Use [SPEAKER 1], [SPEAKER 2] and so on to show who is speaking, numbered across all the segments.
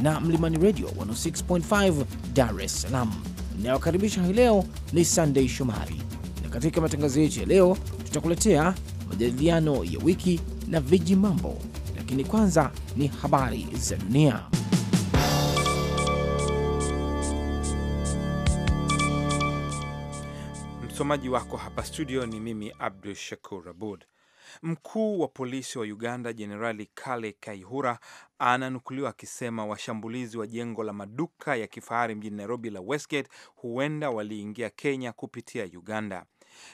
[SPEAKER 1] na Mlimani Radio 106.5 Dar es Salaam. Inayokaribisha hii leo ni Sunday Shomari, na katika matangazo yetu ya leo tutakuletea majadiliano ya wiki na viji mambo, lakini kwanza ni habari za dunia.
[SPEAKER 2] Msomaji wako hapa studio ni mimi abdul Shakur Abud. Mkuu wa polisi wa Uganda Jenerali Kale Kaihura ananukuliwa akisema washambulizi wa jengo la maduka ya kifahari mjini Nairobi la Westgate huenda waliingia Kenya kupitia Uganda.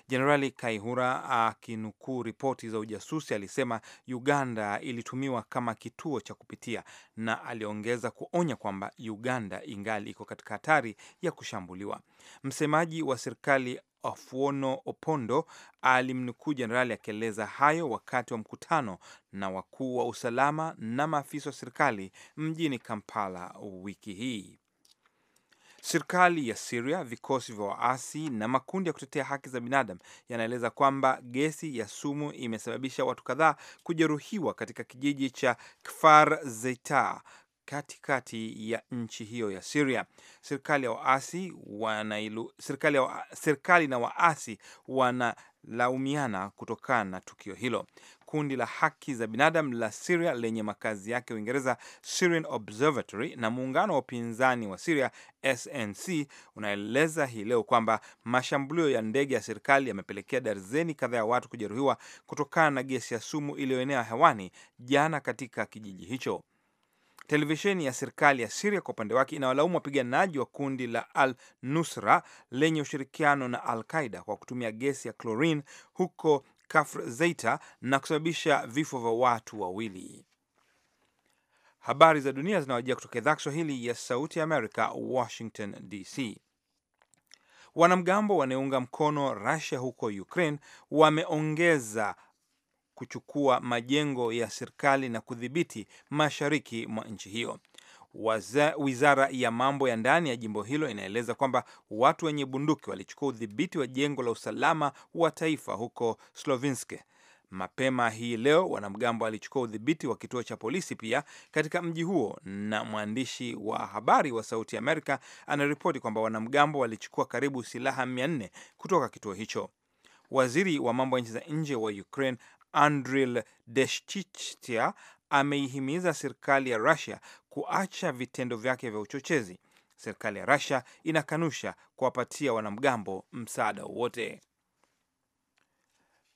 [SPEAKER 2] Jenerali Kaihura ah, akinukuu ripoti za ujasusi alisema Uganda ilitumiwa kama kituo cha kupitia, na aliongeza kuonya kwamba Uganda ingali iko katika hatari ya kushambuliwa. Msemaji wa serikali Afuono Opondo alimnukuu jenerali akieleza hayo wakati wa mkutano na wakuu wa usalama na maafisa wa serikali mjini Kampala wiki hii. Serikali ya Siria, vikosi vya waasi na makundi ya kutetea haki za binadamu yanaeleza kwamba gesi ya sumu imesababisha watu kadhaa kujeruhiwa katika kijiji cha Kfar Zeita katikati ya nchi hiyo ya siria Serikali ya waasi serikali na waasi wana laumiana kutokana na tukio hilo. Kundi la haki za binadamu la siria lenye makazi yake Uingereza, Syrian Observatory, na muungano wa upinzani wa siria SNC unaeleza hii leo kwamba mashambulio ya ndege ya serikali yamepelekea darzeni kadhaa ya watu kujeruhiwa kutokana na gesi ya sumu iliyoenea hewani jana katika kijiji hicho. Televisheni ya serikali ya Siria kwa upande wake inawalaumu wapiganaji wa kundi la Al Nusra lenye ushirikiano na Al Qaida kwa kutumia gesi ya chlorine huko Kafr Zeita na kusababisha vifo vya watu wawili. Habari za dunia zinawajia kutoka idhaa Kiswahili ya Sauti ya Amerika, Washington DC. Wanamgambo wanaounga mkono Russia huko Ukraine wameongeza kuchukua majengo ya serikali na kudhibiti mashariki mwa nchi hiyo. Waza, wizara ya mambo ya ndani ya jimbo hilo inaeleza kwamba watu wenye bunduki walichukua udhibiti wa jengo la usalama wa taifa huko Slovinske. Mapema hii leo wanamgambo walichukua udhibiti wa kituo cha polisi pia katika mji huo, na mwandishi wa habari wa Sauti ya Amerika anaripoti kwamba wanamgambo walichukua karibu silaha mia nne kutoka kituo hicho. Waziri wa mambo ya nchi za nje wa Ukraine Andril Deshchichtia ameihimiza serikali ya Russia kuacha vitendo vyake vya uchochezi. Serikali ya Russia inakanusha kuwapatia wanamgambo msaada wowote.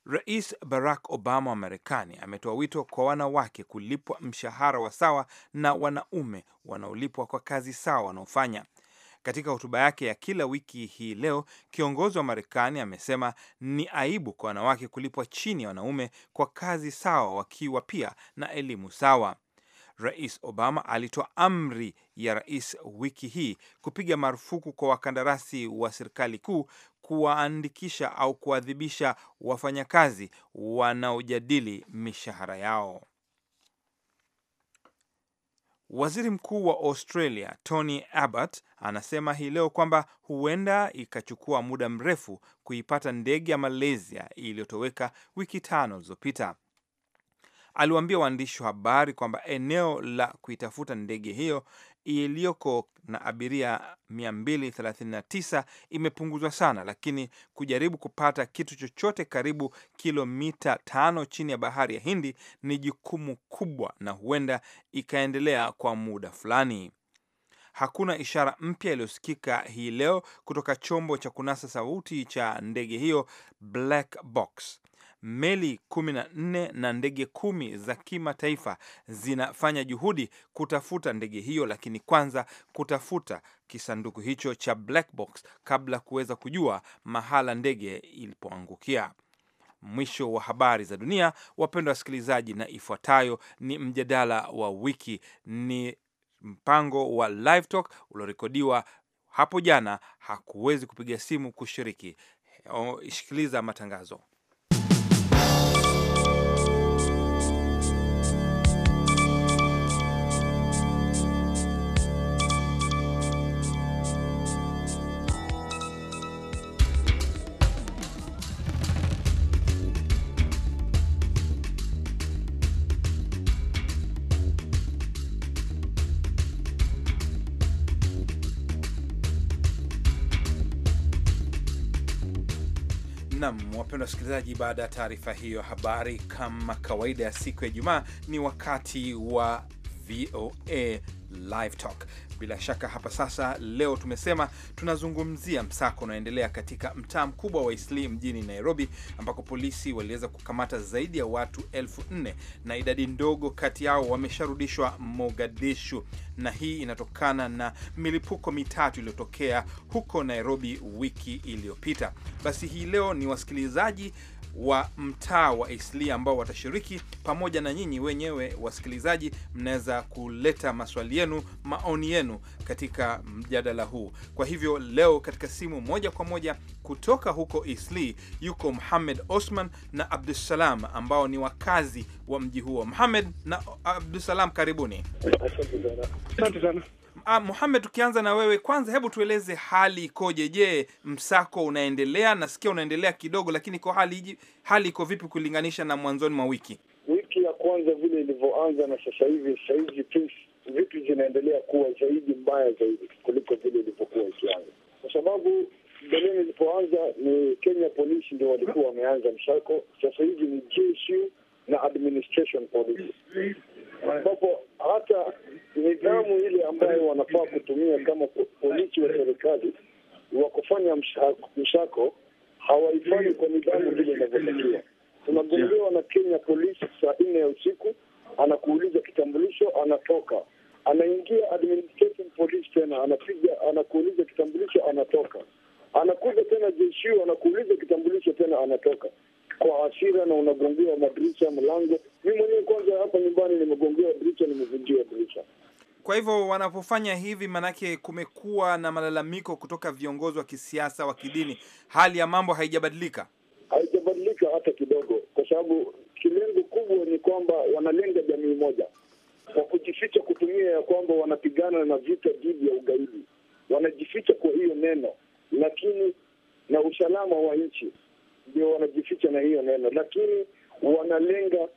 [SPEAKER 2] Rais Barack Obama wa Marekani ametoa wito kwa wanawake kulipwa mshahara wa sawa na wanaume wanaolipwa kwa kazi sawa wanaofanya. Katika hotuba yake ya kila wiki hii leo, kiongozi wa Marekani amesema ni aibu kwa wanawake kulipwa chini ya wanaume kwa kazi sawa, wakiwa pia na elimu sawa. Rais Obama alitoa amri ya rais wiki hii kupiga marufuku kwa wakandarasi wa serikali kuu kuwaandikisha au kuadhibisha wafanyakazi wanaojadili mishahara yao. Waziri Mkuu wa Australia Tony Abbott anasema hii leo kwamba huenda ikachukua muda mrefu kuipata ndege ya Malaysia iliyotoweka wiki tano zilizopita. Aliwaambia waandishi wa habari kwamba eneo la kuitafuta ndege hiyo iliyoko na abiria 239 imepunguzwa sana, lakini kujaribu kupata kitu chochote karibu kilomita tano chini ya bahari ya Hindi ni jukumu kubwa na huenda ikaendelea kwa muda fulani. Hakuna ishara mpya iliyosikika hii leo kutoka chombo cha kunasa sauti cha ndege hiyo black box meli 14 na ndege kumi za kimataifa zinafanya juhudi kutafuta ndege hiyo, lakini kwanza kutafuta kisanduku hicho cha black box kabla kuweza kujua mahala ndege ilipoangukia. Mwisho wa habari za dunia, wapendwa wasikilizaji, na ifuatayo ni mjadala wa wiki, ni mpango wa Live Talk uliorekodiwa hapo jana. Hakuwezi kupiga simu kushiriki, shikiliza matangazo. Nam, wapendwa wasikilizaji, baada ya taarifa hiyo habari, kama kawaida ya siku ya Ijumaa, ni wakati wa VOA Live Talk. Bila shaka hapa sasa, leo tumesema tunazungumzia msako unaoendelea katika mtaa mkubwa wa Isli mjini Nairobi, ambako polisi waliweza kukamata zaidi ya watu elfu nne na idadi ndogo kati yao wamesharudishwa Mogadishu, na hii inatokana na milipuko mitatu iliyotokea huko Nairobi wiki iliyopita. Basi hii leo ni wasikilizaji wa mtaa wa isli ambao watashiriki pamoja na nyinyi wenyewe wasikilizaji. Mnaweza kuleta maswali yenu, maoni yenu katika mjadala huu. Kwa hivyo leo katika simu moja kwa moja kutoka huko Isli yuko Muhamed Osman na Abdusalam ambao ni wakazi wa mji huo. Muhamed na Abdusalam, karibuni. Asante sana. Ah, Mohamed, tukianza na wewe kwanza, hebu tueleze hali ikoje? Je, msako unaendelea? Nasikia unaendelea kidogo, lakini kwa hali hali iko vipi kulinganisha na mwanzoni mwa wiki
[SPEAKER 3] wiki ya kwanza vile ilivyoanza na sasa hivi? Sasa hivi vitu zinaendelea kuwa zaidi mbaya zaidi kuliko vile ilivyokuwa ikianza, kwa sababu beleni ilipoanza ni Kenya polisi ndio walikuwa wameanza msako. Sasa hivi ni GSU na administration police ambapo hata nidhamu ile ambayo wanafaa kutumia kama polisi wa serikali wa kufanya mshako hawaifanyi kwa nidhamu vile inavyotakiwa. Tunagongewa na Kenya polisi saa nne ya usiku, anakuuliza kitambulisho, anatoka anaingia administrative police tena anapiga, anakuuliza kitambulisho, anatoka anakuja tena jeshi, anakuuliza kitambulisho tena, anatoka kwa hasira, na unagongewa madirisha, mlango mi mwenyewe kwanza hapa nyumbani nimegongea dirisha, nimevunjia dirisha.
[SPEAKER 2] Kwa hivyo wanapofanya hivi, maanake kumekuwa na malalamiko kutoka viongozi wa kisiasa, wa kidini. Hali ya mambo haijabadilika, haijabadilika
[SPEAKER 3] hata kidogo, kwa sababu kilengo kubwa ni kwamba wanalenga jamii moja kwa kujificha, kutumia ya kwamba wanapigana na vita dhidi ya ugaidi. Wanajificha kwa hiyo neno, lakini na usalama wa nchi ndio wanajificha na hiyo neno, lakini wanalenga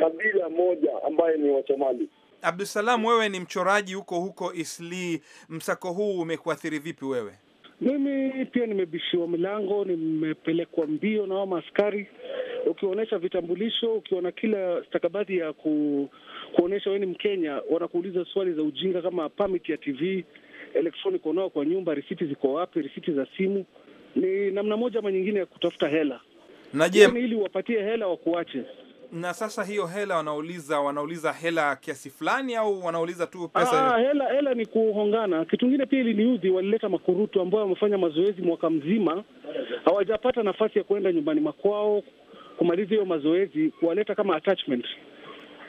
[SPEAKER 3] kabila moja ambaye ni Wasomali.
[SPEAKER 2] Abdusalam, wewe ni mchoraji huko huko Isli, msako huu umekuathiri vipi wewe? Mimi
[SPEAKER 3] pia nimebishiwa milango, nimepelekwa mbio na wao askari, ukionyesha vitambulisho, ukiona kila stakabadhi ya ku, kuonyesha wewe ni Mkenya, wanakuuliza swali za ujinga kama permit ya TV, electronic unao kwa nyumba, risiti ziko wapi, risiti za
[SPEAKER 2] simu. Ni namna moja ama nyingine ya kutafuta hela. Na je, yaani ili wapatie hela wakuache na sasa hiyo hela wanauliza wanauliza hela kiasi fulani au wanauliza tu pesa? Aa, ah,
[SPEAKER 3] hela hela ni kuhongana. Kitu kingine pia iliniudhi, walileta makurutu ambao wamefanya mazoezi mwaka mzima, hawajapata nafasi ya kuenda nyumbani makwao kumaliza hiyo mazoezi, kuwaleta kama attachment.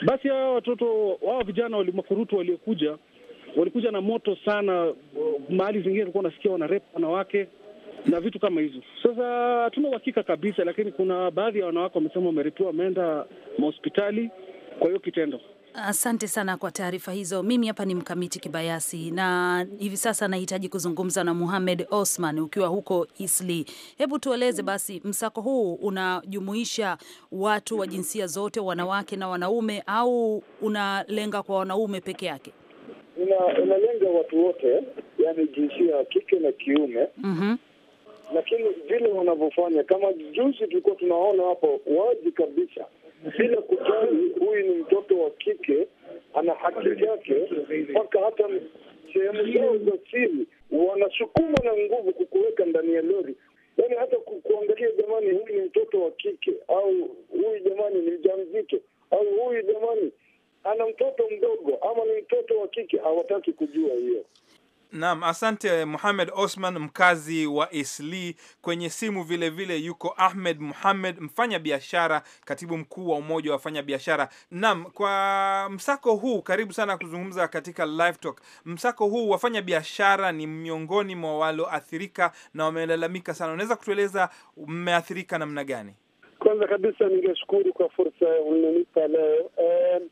[SPEAKER 3] Basi hao watoto wao vijana wali makurutu waliokuja walikuja na moto sana, mahali zingine tulikuwa nasikia wana rep wanawake na vitu kama hizo. Sasa hatuna uhakika kabisa, lakini kuna baadhi ya wanawake wamesema wameripiwa, wameenda mahospitali kwa hiyo kitendo.
[SPEAKER 4] Asante sana kwa taarifa hizo. Mimi hapa ni Mkamiti Kibayasi, na hivi sasa nahitaji kuzungumza na Muhamed Osman. Ukiwa huko Isli, hebu tueleze basi, msako huu unajumuisha watu wa jinsia zote, wanawake na wanaume, au unalenga kwa wanaume peke yake?
[SPEAKER 3] Unalenga una watu wote, yani jinsia ya kike na kiume. mm -hmm lakini vile wanavyofanya, kama juzi tulikuwa tunaona hapo wazi kabisa, bila kujali huyu ni mtoto wa kike, ana haki yake, mpaka hata sehemu zao za siri wanasukuma na nguvu kukuweka ndani ya lori. Yani hata kuangalia, jamani, huyu ni mtoto wa kike, au huyu jamani ni mjamzito, au huyu jamani ana mtoto mdogo, ama ni mtoto wa kike, hawataki kujua hiyo.
[SPEAKER 2] Naam, asante eh, Muhamed Osman, mkazi wa Isli. Kwenye simu vile vile yuko Ahmed Muhamed, mfanya biashara, katibu mkuu wa umoja wa wafanya biashara. Naam, kwa msako huu, karibu sana kuzungumza katika Live Talk. Msako huu, wafanya biashara ni miongoni mwa walioathirika na wamelalamika sana. Unaweza kutueleza mmeathirika namna gani?
[SPEAKER 3] Kwanza kabisa ningeshukuru kwa fursa unanipa leo um...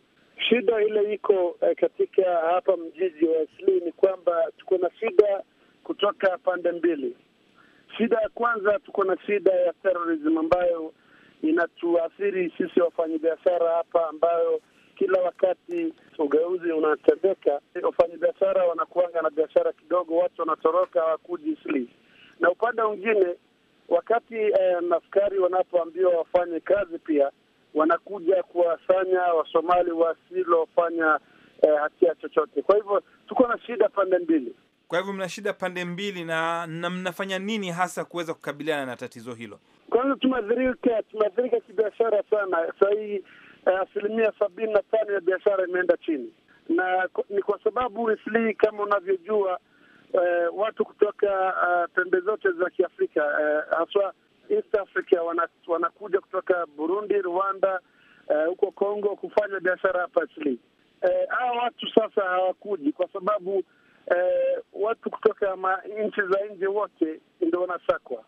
[SPEAKER 3] Shida ile iko eh, katika hapa mjiji wa Asli ni kwamba tuko na shida kutoka pande mbili. Shida ya kwanza, tuko na shida ya terrorism ambayo inatuathiri sisi wafanyabiashara hapa, ambayo kila wakati ugeuzi unatendeka, wafanyabiashara wanakuanga na biashara kidogo, watu wanatoroka hawakuji Isli. Na upande mwingine, wakati eh, nafikari wanapoambiwa wafanye kazi pia wanakuja kuwafanya Wasomali wasilofanya eh, hatia chochote. Kwa hivyo tuko na
[SPEAKER 2] shida pande mbili. Kwa hivyo mna shida pande mbili na, na mnafanya nini hasa kuweza kukabiliana na tatizo hilo?
[SPEAKER 3] Kwanza tumeathirika, tumeathirika kibiashara sana. sahihi hii eh, asilimia sabini na tano ya biashara imeenda chini, na ni kwa sababu isli, kama unavyojua eh, watu kutoka uh, pembe zote za Kiafrika eh, haswa East Africa wanakuja kutoka Burundi, Rwanda, eh, huko uh, Congo kufanya biashara hapa Chile. Eh, hawa uh, watu sasa hawakuji kwa sababu uh, watu kutoka nchi za nje wote ndio wanasakwa.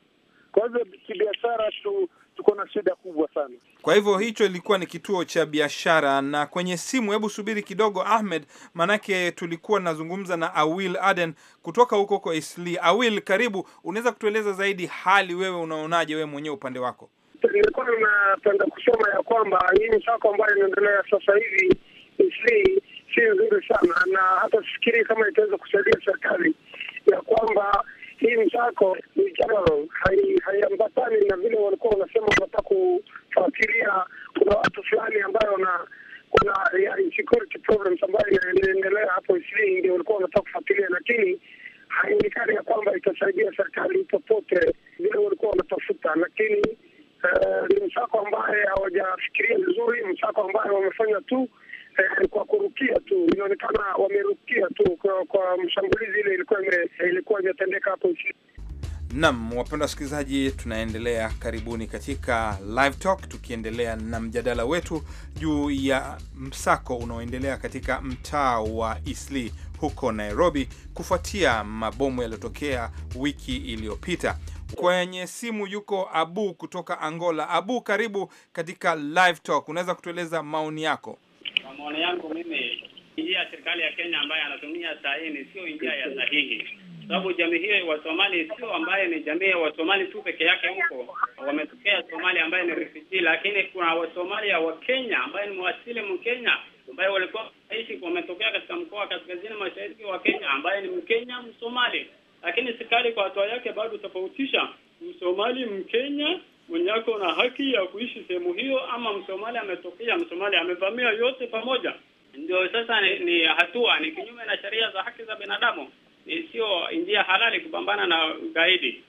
[SPEAKER 3] Kwa hivyo kibiashara tu tuko na shida kubwa sana.
[SPEAKER 2] Kwa hivyo hicho ilikuwa ni kituo cha biashara. Na kwenye simu, hebu subiri kidogo Ahmed, maanake tulikuwa nazungumza na Awil Aden kutoka huko huko Isli. Awil, karibu, unaweza kutueleza zaidi hali, wewe unaonaje wewe mwenyewe upande wako?
[SPEAKER 3] Nilikuwa napenda kusema ya kwamba hii msako ambayo inaendelea sasa hivi Isli si nzuri sana, na hata sifikiri kama itaweza kusaidia serikali ya kwamba hii msako michano haiambatani na vile walikuwa wanasema wanataka kufuatilia. Kuna watu fulani ambayo na kuna security problems ambayo inaendelea hapo Ishirini, ndio walikuwa wanataka kufuatilia, lakini haionekani ya kwamba itasaidia serikali.
[SPEAKER 2] Nam, wapenda wasikilizaji, tunaendelea karibuni katika Live Talk, tukiendelea na mjadala wetu juu ya msako unaoendelea katika mtaa wa Isli huko Nairobi, kufuatia mabomu yaliyotokea wiki iliyopita. Kwenye simu yuko Abu kutoka Angola. Abu, karibu katika Live Talk, unaweza kutueleza maoni yako?
[SPEAKER 5] Kwa maoni yangu mimi, njia ya serikali ya Kenya ambayo anatumia saa hii sio njia ya sahihi sababu jamii hiyo ya Somali sio ambaye ni jamii ya Wasomali tu peke yake, huko wametokea Somali ambaye ni refugee, lakini kuna Wasomalia wa Kenya ambaye ni mwasili Mkenya ambaye walikuwa aishi wametokea katika mkoa wa kaskazini mashariki wa Kenya ambaye ni Mkenya Msomali, lakini serikali kwa hatua yake bado
[SPEAKER 6] tofautisha Msomali Mkenya mwenye na haki ya kuishi sehemu hiyo, ama Msomali ametokea Msomali amevamia, yote pamoja
[SPEAKER 5] ndio sasa ni, ni hatua ni kinyume na sheria za haki za binadamu sio njia halali kupambana na ugaidi.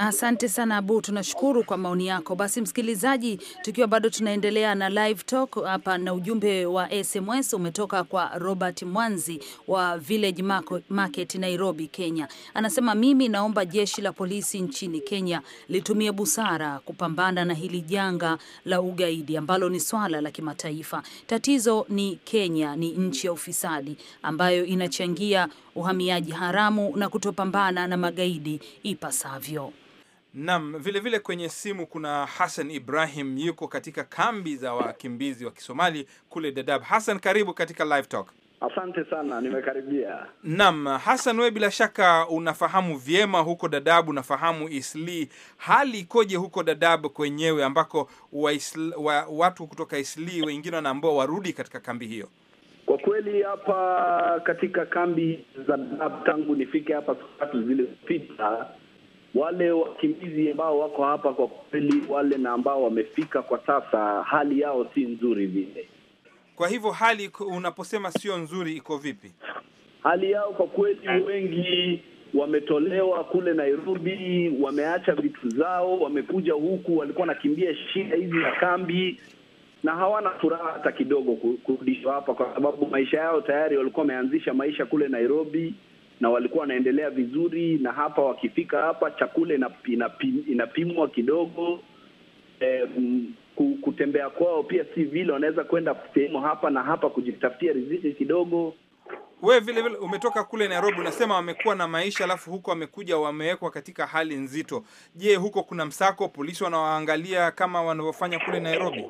[SPEAKER 4] Asante sana Abu, tunashukuru kwa maoni yako. Basi msikilizaji, tukiwa bado tunaendelea na live talk hapa, na ujumbe wa SMS umetoka kwa Robert Mwanzi wa Village Market, Nairobi, Kenya. Anasema, mimi naomba jeshi la polisi nchini Kenya litumie busara kupambana na hili janga la ugaidi ambalo ni swala la kimataifa. Tatizo ni Kenya ni nchi ya ufisadi ambayo inachangia uhamiaji haramu na kutopambana na magaidi ipasavyo.
[SPEAKER 2] nam vilevile vile kwenye simu kuna Hassan Ibrahim yuko katika kambi za wakimbizi wa Kisomali kule dadab Hassan, karibu katika Live Talk. Asante sana, nimekaribia. Naam, Hassan, wewe bila shaka unafahamu vyema huko dadab unafahamu Isli, hali ikoje huko dadab kwenyewe ambako wa isli, wa, watu kutoka Isli wengine wanaambiwa warudi katika kambi hiyo?
[SPEAKER 6] Kwa kweli hapa katika kambi za Dadaab, tangu nifike hapa siku tatu zilizopita, wale wakimbizi ambao wako hapa kwa kweli, wale na ambao wamefika kwa sasa, hali yao si nzuri vile.
[SPEAKER 2] Kwa hivyo hali unaposema sio nzuri, iko vipi hali yao? Kwa kweli wengi wametolewa kule Nairobi,
[SPEAKER 6] wameacha vitu zao, wamekuja huku, walikuwa wanakimbia shida hizi za kambi na hawana furaha hata kidogo kurudishwa hapa, kwa sababu maisha yao tayari walikuwa wameanzisha maisha kule Nairobi na walikuwa wanaendelea vizuri, na hapa wakifika hapa chakula inapi, inapi, inapimwa kidogo eh, kutembea kwao pia si vile, wanaweza kwenda sehemu hapa na hapa kujitafutia riziki kidogo.
[SPEAKER 2] We vile vile umetoka kule Nairobi, unasema wamekuwa na maisha, alafu huko wamekuja wamewekwa katika hali nzito. Je, huko kuna msako, polisi wanawaangalia kama wanavyofanya kule Nairobi?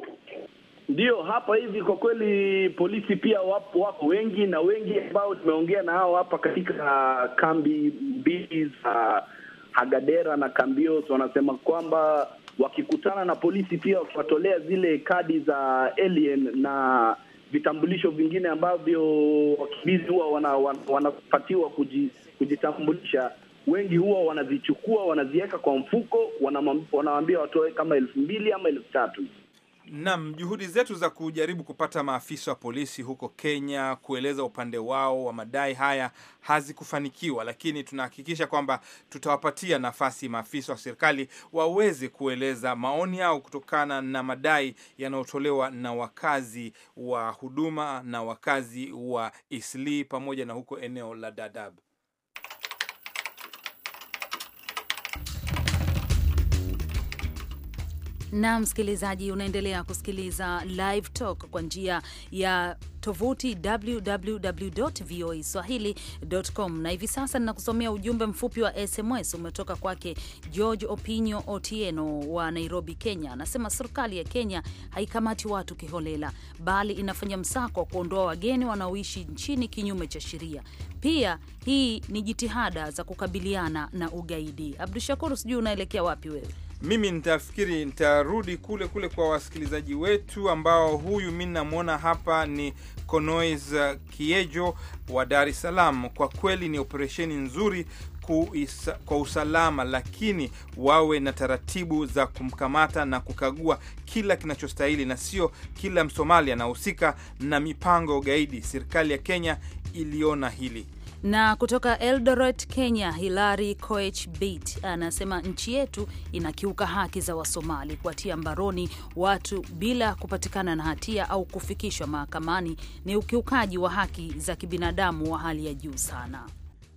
[SPEAKER 6] Ndiyo, hapa hivi kwa kweli polisi pia wapo, wapo wengi na wengi ambao tumeongea na hao hapa katika kambi mbili za Hagadera na Kambios, wanasema kwamba wakikutana na polisi pia wakiwatolea zile kadi za alien na vitambulisho vingine ambavyo wakimbizi huwa wanapatiwa wana, wana kujitambulisha, wengi huwa wanazichukua wanaziweka kwa mfuko, wanamwambia watoe kama elfu mbili ama elfu tatu
[SPEAKER 2] nam juhudi zetu za kujaribu kupata maafisa wa polisi huko Kenya kueleza upande wao wa madai haya hazikufanikiwa, lakini tunahakikisha kwamba tutawapatia nafasi maafisa wa serikali waweze kueleza maoni yao kutokana na madai yanayotolewa na wakazi wa Huduma na wakazi wa Isli pamoja na huko eneo la Dadaab.
[SPEAKER 4] Na msikilizaji, unaendelea kusikiliza Live Talk kwa njia ya tovuti www swahilicom, na hivi sasa ninakusomea ujumbe mfupi wa SMS umetoka kwake George Opinio Otieno wa Nairobi, Kenya. Anasema serikali ya Kenya haikamati watu kiholela, bali inafanya msako wa kuondoa wageni wanaoishi nchini kinyume cha sheria. Pia hii ni jitihada za kukabiliana na ugaidi. Abdu Shakuru, sijui unaelekea wapi wewe?
[SPEAKER 2] mimi nitafikiri nitarudi kule kule kwa wasikilizaji wetu ambao huyu mi namwona hapa ni Konois Kiejo wa Dar es Salaam. Kwa kweli ni operesheni nzuri kwa usalama, lakini wawe na taratibu za kumkamata na kukagua kila kinachostahili, na sio kila Msomali anahusika na mipango ya ugaidi. Serikali ya Kenya iliona
[SPEAKER 5] hili.
[SPEAKER 4] Na kutoka Eldoret, Kenya, Hilary Koech Beit anasema nchi yetu inakiuka haki za Wasomali kuwatia mbaroni watu bila kupatikana na hatia au kufikishwa mahakamani. Ni ukiukaji wa haki za kibinadamu wa hali ya juu sana.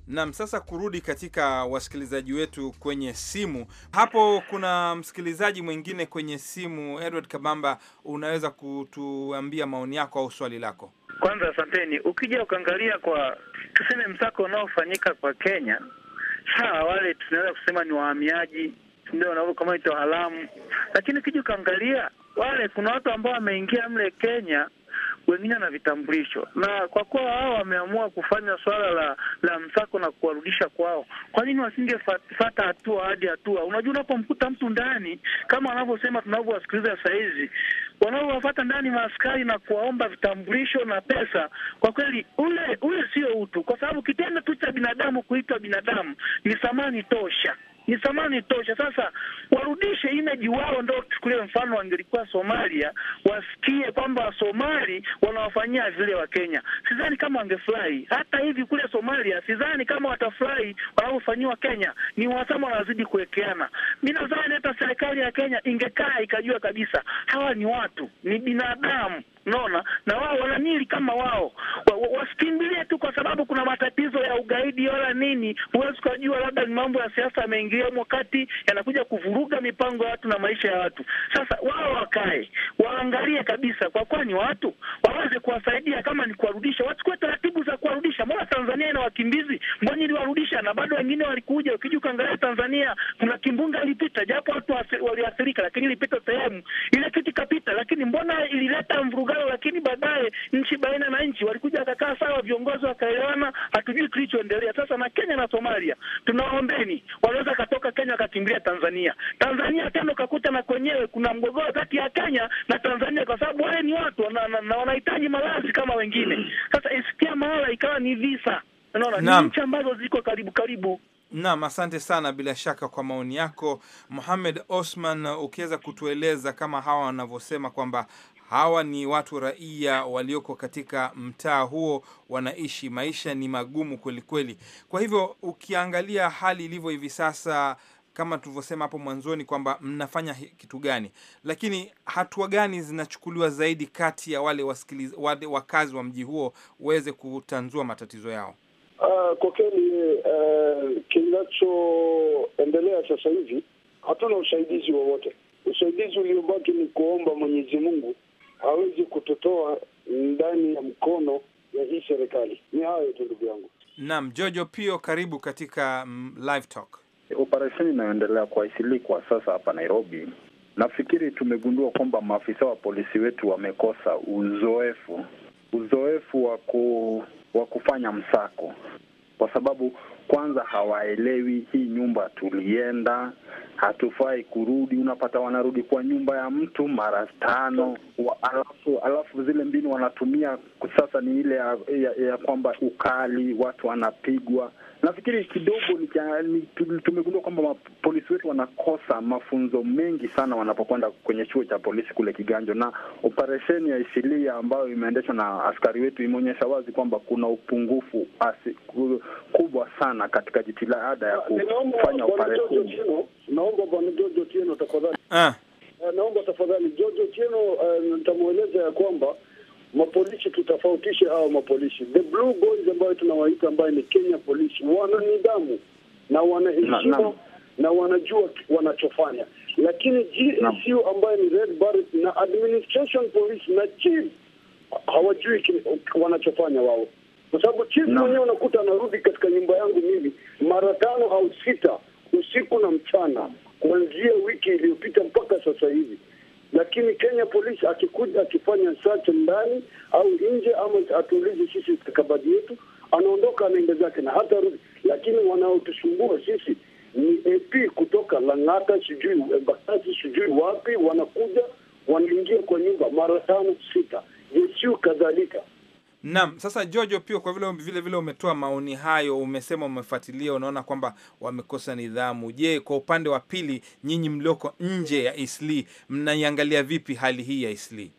[SPEAKER 2] Nam, sasa kurudi katika wasikilizaji wetu kwenye simu. Hapo kuna msikilizaji mwingine kwenye simu. Edward Kabamba, unaweza kutuambia maoni yako au swali lako?
[SPEAKER 7] Kwanza asanteni. Ukija ukaangalia kwa tuseme msako unaofanyika kwa Kenya, sawa, wale tunaweza kusema ni wahamiaji ndio ito haramu, lakini ukija ukaangalia wale, kuna watu ambao wameingia mle Kenya wengine na vitambulisho. Na kwa kuwa hao wameamua kufanya swala la la msako na kuwarudisha kwao, kwa nini wasingefata hatua hadi hatua? Unajua, unapomkuta mtu ndani kama wanavyosema, tunavyowasikiliza saa hizi, wanaowafata ndani maaskari na kuwaomba vitambulisho na pesa, kwa kweli ule ule sio utu, kwa sababu kitendo tu cha binadamu kuitwa binadamu ni thamani tosha ni thamani tosha. Sasa warudishe imeji wao, ndo tuchukulie mfano wangelikuwa Somalia, wasikie kwamba Somali wanawafanyia vile Kenya, sidhani kama wangefurahi. Hata hivi kule Somalia sidhani kama watafurahi wanaofanyiwa Kenya, ni wasama wanazidi kuwekeana. Mi nadhani hata serikali ya Kenya ingekaa ikajua kabisa hawa ni watu, ni binadamu Unaona, na wao wananili kama wao wasikimbilie wa, wa tu kwa sababu kuna matatizo ya ugaidi wala nini, huwezi ukajua labda ni mambo ya siasa mengi yaliyoingiwamo kati yanakuja kuvuruga mipango ya watu na maisha ya watu. Sasa wao wakae waangalie kabisa, kwa kwani watu waweze kuwasaidia, kama ni kuwarudisha, wachukue taratibu za kuwarudisha. Mbona Tanzania ina wakimbizi? Mbona iliwarudisha na bado wengine walikuja? Ukija ukaangalia Tanzania, kuna kimbunga ilipita, japo watu waliathirika, lakini ilipita sehemu ile kitu ikapita, lakini mbona ilileta mvurugano? Lakini baadaye nchi baina na nchi walikuja wakakaa sawa, viongozi wakaelewana, hatujui kilichoendelea. Sasa na Kenya na Somalia tunaombeni, wanaweza akatoka Kenya akakimbilia Tanzania. Tanzania tena ukakuta na kwenyewe kuna mgogoro kati ya Kenya na Tanzania, kwa sababu wale ni watu na, na, na wanahitaji malazi kama wengine. Sasa isikia mahala ikawa ni visa, unaona, ni nchi ambazo ziko karibu karibu.
[SPEAKER 2] Naam, asante sana bila shaka kwa maoni yako Mohamed Osman. Ukiweza kutueleza kama hawa wanavyosema kwamba Hawa ni watu raia walioko katika mtaa huo, wanaishi maisha ni magumu kwelikweli. Kwa hivyo ukiangalia hali ilivyo hivi sasa kama tulivyosema hapo mwanzoni kwamba mnafanya kitu gani, lakini hatua gani zinachukuliwa zaidi kati ya wale wakazi wa mji huo waweze kutanzua matatizo yao?
[SPEAKER 3] Uh, kwa kweli uh, kinachoendelea sasa hivi hatuna usaidizi wowote. Usaidizi uliobaki ni kuomba Mwenyezi Mungu hawezi kutotoa ndani ya mkono ya hii serikali. Ni hayo tu ndugu yangu.
[SPEAKER 2] Naam, Jojo Pio, karibu katika mm, live talk. Operesheni inayoendelea kwa
[SPEAKER 3] Isili kwa sasa hapa Nairobi, nafikiri tumegundua kwamba maafisa wa polisi wetu wamekosa uzoefu uzoefu wa ku, wa kufanya msako, kwa sababu kwanza hawaelewi hii nyumba tulienda, hatufai kurudi. Unapata wanarudi kwa nyumba ya mtu mara tano, alafu alafu zile mbinu wanatumia sasa ni ile ya, ya, ya kwamba ukali, watu wanapigwa. Nafikiri kidogo tumegundua kwamba polisi wetu wanakosa mafunzo mengi sana wanapokwenda kwenye chuo cha polisi kule Kiganjo, na operesheni ya Isilia ambayo imeendeshwa na askari wetu imeonyesha wazi kwamba kuna upungufu kubwa sana sana katika jitihada ya kufanya operesheni. Naomba bwana George Tieno tafadhali, ah, eh, naomba tafadhali George Tieno, eh, nitamweleza ya kwamba mapolisi tutofautishe hao mapolisi, the blue boys ambayo tunawaita ambayo ni Kenya polisi, wana nidhamu na wanaheshima na, na wanajua wanachofanya, lakini GSU ambayo ni Red Barret na administration police na chief hawajui wanachofanya wao kwa sababu chifu mwenyewe no. unakuta anarudi katika nyumba yangu mimi mara tano au sita usiku na mchana, kuanzia wiki iliyopita mpaka sasa hivi. Lakini Kenya polisi akikuja akifanya search ndani au nje, ama atuulize sisi stakabadhi yetu, anaondoka anaenda zake na hata rudi. Lakini wanaotusumbua sisi ni AP kutoka Lang'ata, sijui Embakasi, sijui wapi, wanakuja wanaingia kwa nyumba mara tano sita, jesiu kadhalika.
[SPEAKER 2] Naam, sasa Jojo, pia kwa vile vile vile umetoa maoni hayo, umesema umefuatilia, unaona kwamba wamekosa nidhamu. Je, kwa upande wa pili, nyinyi mlioko nje ya Isli mnaiangalia vipi hali hii ya Isli?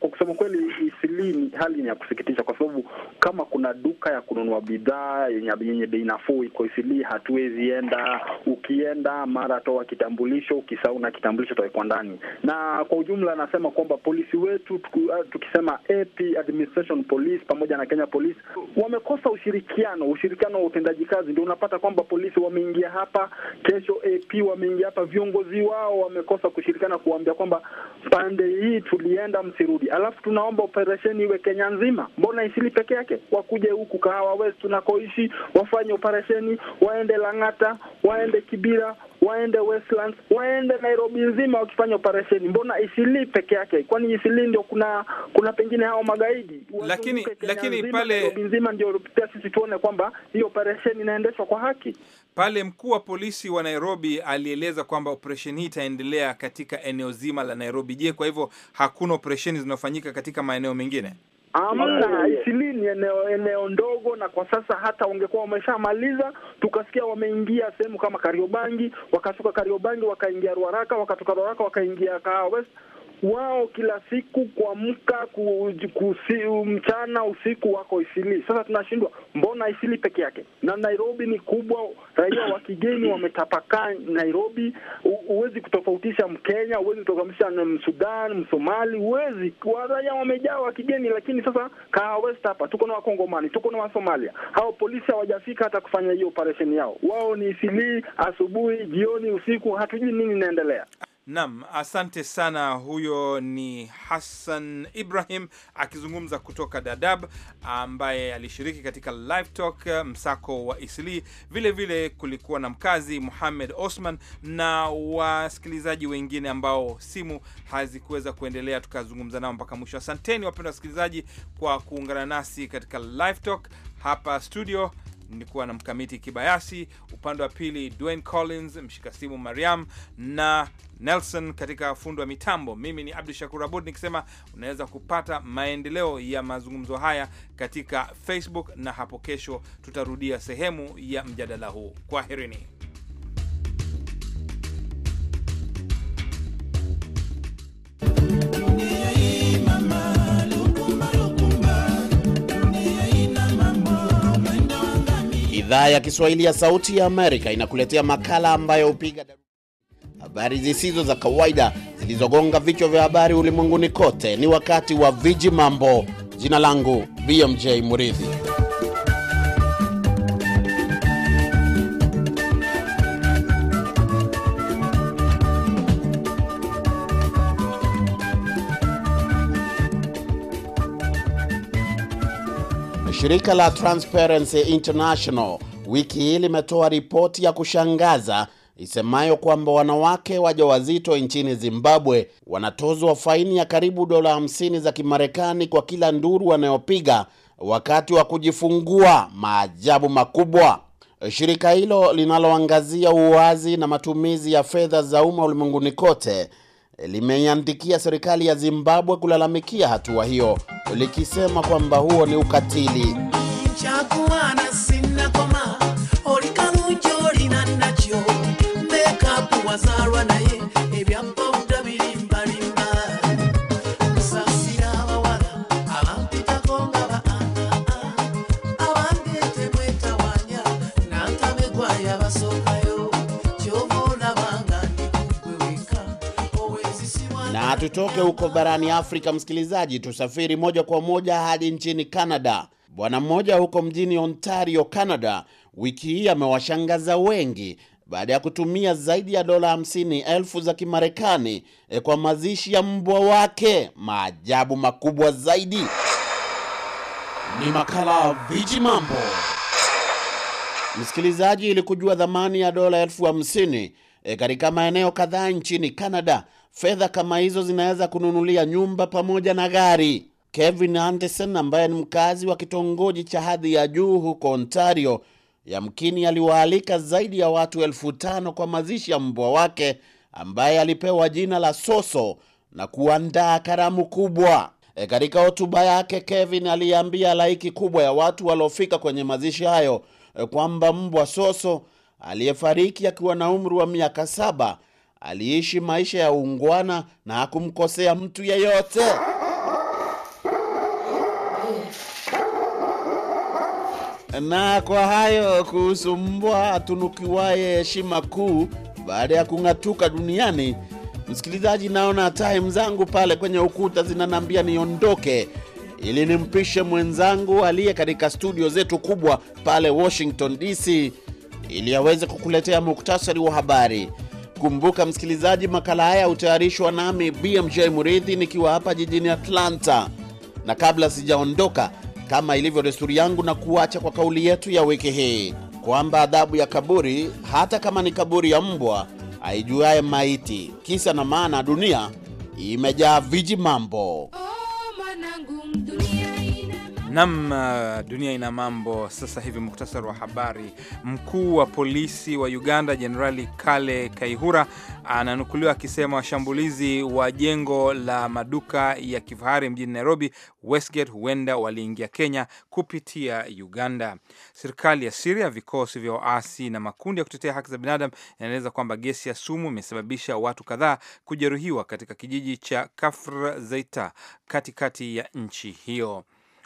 [SPEAKER 3] Kwa kusema kweli, hili ni hali ni ya kusikitisha, kwa sababu kama kuna duka ya kununua bidhaa yenye yenye bei nafuu iko Isili, hatuwezi enda. Ukienda mara toa kitambulisho, ukisahau na kitambulisho tawekwa ndani. Na kwa ujumla, nasema kwamba polisi wetu tuku, uh, tukisema AP Administration Police pamoja na Kenya Police wamekosa ushirikiano, ushirikiano wa utendaji kazi. Ndio unapata kwamba polisi wameingia hapa, kesho AP wameingia hapa, viongozi wao wamekosa kushirikiana kuambia kwamba pande hii tulienda, msirudi. Alafu tunaomba operation operesheni iwe Kenya nzima, mbona Isili peke yake? Wakuje huku Kahawa West tunakoishi, wafanye operesheni, waende Lang'ata, waende Kibira, waende Westlands, waende Nairobi nzima, wakifanya operesheni. Mbona Isili peke yake? Kwani Isili ndio kuna kuna pengine hao magaidi?
[SPEAKER 2] Lakini lakini pale nzima ndio sisi tuone kwamba
[SPEAKER 3] hiyo operesheni inaendeshwa kwa haki.
[SPEAKER 2] Pale mkuu wa polisi wa Nairobi alieleza kwamba operesheni hii itaendelea katika eneo zima la Nairobi. Je, kwa hivyo hakuna operesheni zinazofanyika katika maeneo mengine?
[SPEAKER 3] Amna, Isili ni eneo, eneo ndogo, na kwa sasa hata wangekuwa wameshamaliza, tukasikia wameingia sehemu kama Kariobangi, wakatoka Kariobangi wakaingia Ruaraka, wakatoka Ruaraka wakaingia kaa West wao kila siku kuamka mchana usiku wako Isili. Sasa tunashindwa, mbona Isili peke yake? Na Nairobi ni kubwa, raia wa kigeni wametapakaa Nairobi. Huwezi kutofautisha Mkenya, huwezi kutofautisha Msudan, Msomali, huwezi. Raia wamejaa wa kigeni, lakini sasa kaa West hapa tuko na Wakongomani, tuko na Wasomalia. Hao polisi hawajafika hata kufanya hiyo operesheni yao, wao ni Isili asubuhi, jioni, usiku, hatujui nini inaendelea.
[SPEAKER 2] Naam, asante sana. Huyo ni Hassan Ibrahim akizungumza kutoka Dadab, ambaye alishiriki katika live talk eh, msako wa Isli. Vile vile kulikuwa na mkazi Muhamed Osman na wasikilizaji wengine ambao simu hazikuweza kuendelea, tukazungumza nao mpaka mwisho. Asanteni wapenda wasikilizaji kwa kuungana nasi katika live talk hapa studio nilikuwa na mkamiti Kibayasi, upande wa pili Dwayne Collins, mshika simu Mariam na Nelson katika fundi wa mitambo. Mimi ni Abdu Shakur Abud nikisema unaweza kupata maendeleo ya mazungumzo haya katika Facebook na hapo kesho tutarudia sehemu ya mjadala huu. Kwaherini.
[SPEAKER 5] Idhaa ya Kiswahili ya Sauti ya Amerika inakuletea makala ambayo hupiga habari zisizo za kawaida zilizogonga vichwa vya habari ulimwenguni kote. Ni wakati wa Viji Mambo. Jina langu BMJ Muridhi. Shirika la Transparency International wiki hii limetoa ripoti ya kushangaza isemayo kwamba wanawake wajawazito nchini Zimbabwe wanatozwa faini ya karibu dola 50 za Kimarekani kwa kila nduru wanayopiga wakati wa kujifungua. Maajabu makubwa! Shirika hilo linaloangazia uwazi na matumizi ya fedha za umma ulimwenguni kote limeiandikia serikali ya Zimbabwe kulalamikia hatua hiyo likisema kwamba huo ni ukatili. Tutoke huko barani Afrika, msikilizaji, tusafiri moja kwa moja hadi nchini Canada. Bwana mmoja huko mjini Ontario, Canada, wiki hii amewashangaza wengi baada ya kutumia zaidi ya dola hamsini elfu za Kimarekani e, kwa mazishi ya mbwa wake. Maajabu makubwa zaidi ni makala Viji Mambo. Msikilizaji, ili kujua dhamani ya dola elfu hamsini e, katika maeneo kadhaa nchini Canada Fedha kama hizo zinaweza kununulia nyumba pamoja na gari. Kevin Anderson ambaye ni mkazi wa kitongoji cha hadhi ya juu huko Ontario, yamkini aliwaalika zaidi ya watu elfu tano kwa mazishi ya mbwa wake ambaye alipewa jina la Soso na kuandaa karamu kubwa. E, katika hotuba yake Kevin aliambia laiki kubwa ya watu waliofika kwenye mazishi hayo e, kwamba mbwa Soso aliyefariki akiwa na umri wa miaka saba aliishi maisha ya ungwana na hakumkosea mtu yeyote. Na kwa hayo kuhusu mbwa atunukiwaye heshima kuu baada ya kung'atuka duniani. Msikilizaji, naona time zangu pale kwenye ukuta zinanambia niondoke ili nimpishe mwenzangu aliye katika studio zetu kubwa pale Washington DC ili aweze kukuletea muktasari wa habari. Kumbuka msikilizaji, makala haya hutayarishwa nami BMJ Muridhi nikiwa hapa jijini Atlanta, na kabla sijaondoka, kama ilivyo desturi yangu, na kuacha kwa kauli yetu ya wiki hii kwamba adhabu ya kaburi, hata kama ni kaburi ya mbwa, aijuaye maiti. Kisa na maana, dunia imejaa viji mambo. Oh,
[SPEAKER 1] manangu, dunia.
[SPEAKER 5] Nam, uh, dunia ina mambo sasa hivi. Muktasari
[SPEAKER 2] wa habari. Mkuu wa polisi wa Uganda Jenerali Kale Kaihura ananukuliwa akisema washambulizi wa jengo la maduka ya kifahari mjini Nairobi, Westgate, huenda waliingia Kenya kupitia Uganda. Serikali ya Siria, vikosi vya waasi na makundi ya kutetea haki za binadamu yanaeleza kwamba gesi ya sumu imesababisha watu kadhaa kujeruhiwa katika kijiji cha Kafr Zeita katikati ya nchi hiyo.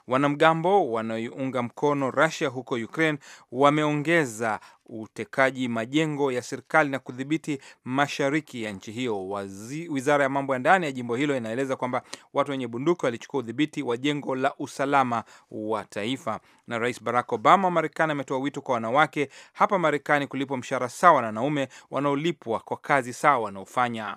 [SPEAKER 2] Wanamgambo wanaoiunga mkono Russia huko Ukraine wameongeza utekaji majengo ya serikali na kudhibiti mashariki ya nchi hiyo. Wazi, wizara ya mambo ya ndani ya jimbo hilo inaeleza kwamba watu wenye bunduki walichukua udhibiti wa jengo la usalama wa taifa. Na Rais Barack Obama wa Marekani ametoa wito kwa wanawake hapa Marekani kulipwa mshahara sawa na wanaume wanaolipwa kwa kazi sawa wanaofanya.